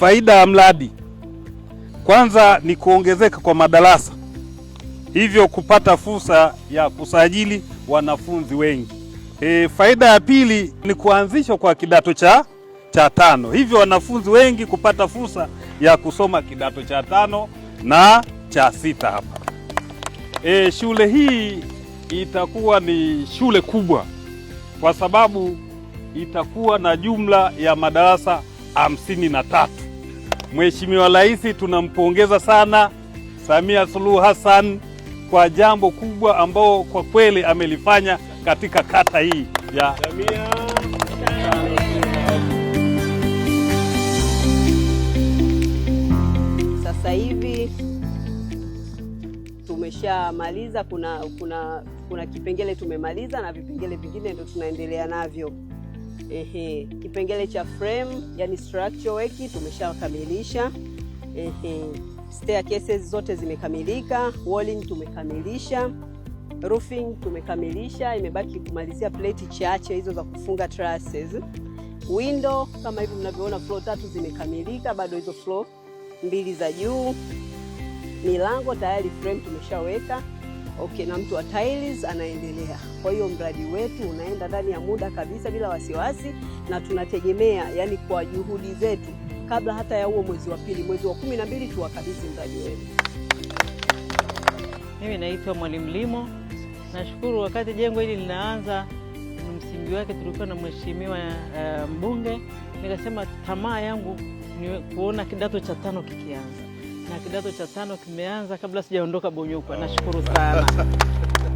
Faida ya mradi kwanza ni kuongezeka kwa madarasa, hivyo kupata fursa ya kusajili wanafunzi wengi. E, faida ya pili ni kuanzishwa kwa kidato cha, cha tano, hivyo wanafunzi wengi kupata fursa ya kusoma kidato cha tano na cha sita hapa. E, shule hii itakuwa ni shule kubwa kwa sababu itakuwa na jumla ya madarasa hamsini na tatu. Mheshimiwa Rais tunampongeza sana Samia Suluhu Hassan kwa jambo kubwa ambao kwa kweli amelifanya katika kata hii ya Sasa hivi tumeshamaliza, kuna, kuna, kuna kipengele tumemaliza na vipengele vingine ndio tunaendelea navyo. Ehe, kipengele cha frame yani structure work tumeshakamilisha. Ehe, staircases zote zimekamilika, walling tumekamilisha, roofing tumekamilisha, imebaki kumalizia plate chache hizo za kufunga trusses. Window kama hivi mnavyoona, floor tatu zimekamilika, bado hizo floor mbili za juu. Milango tayari frame tumeshaweka okay, na mtu wa tiles anaendelea. Kwa hiyo mradi wetu unaenda ndani ya muda kabisa bila wasiwasi, na tunategemea yani kwa juhudi zetu kabla hata ya huo mwezi wa pili, mwezi wa kumi na mbili tuwakabidhi mradi wetu Mimi naitwa Mwalimu Limo. Nashukuru wakati jengo hili linaanza msingi wake tulikuwa na mheshimiwa uh, mbunge, nikasema tamaa yangu ni kuona kidato cha tano kikianza na kidato cha tano kimeanza. Kabla sijaondoka Bonyokwa, nashukuru sana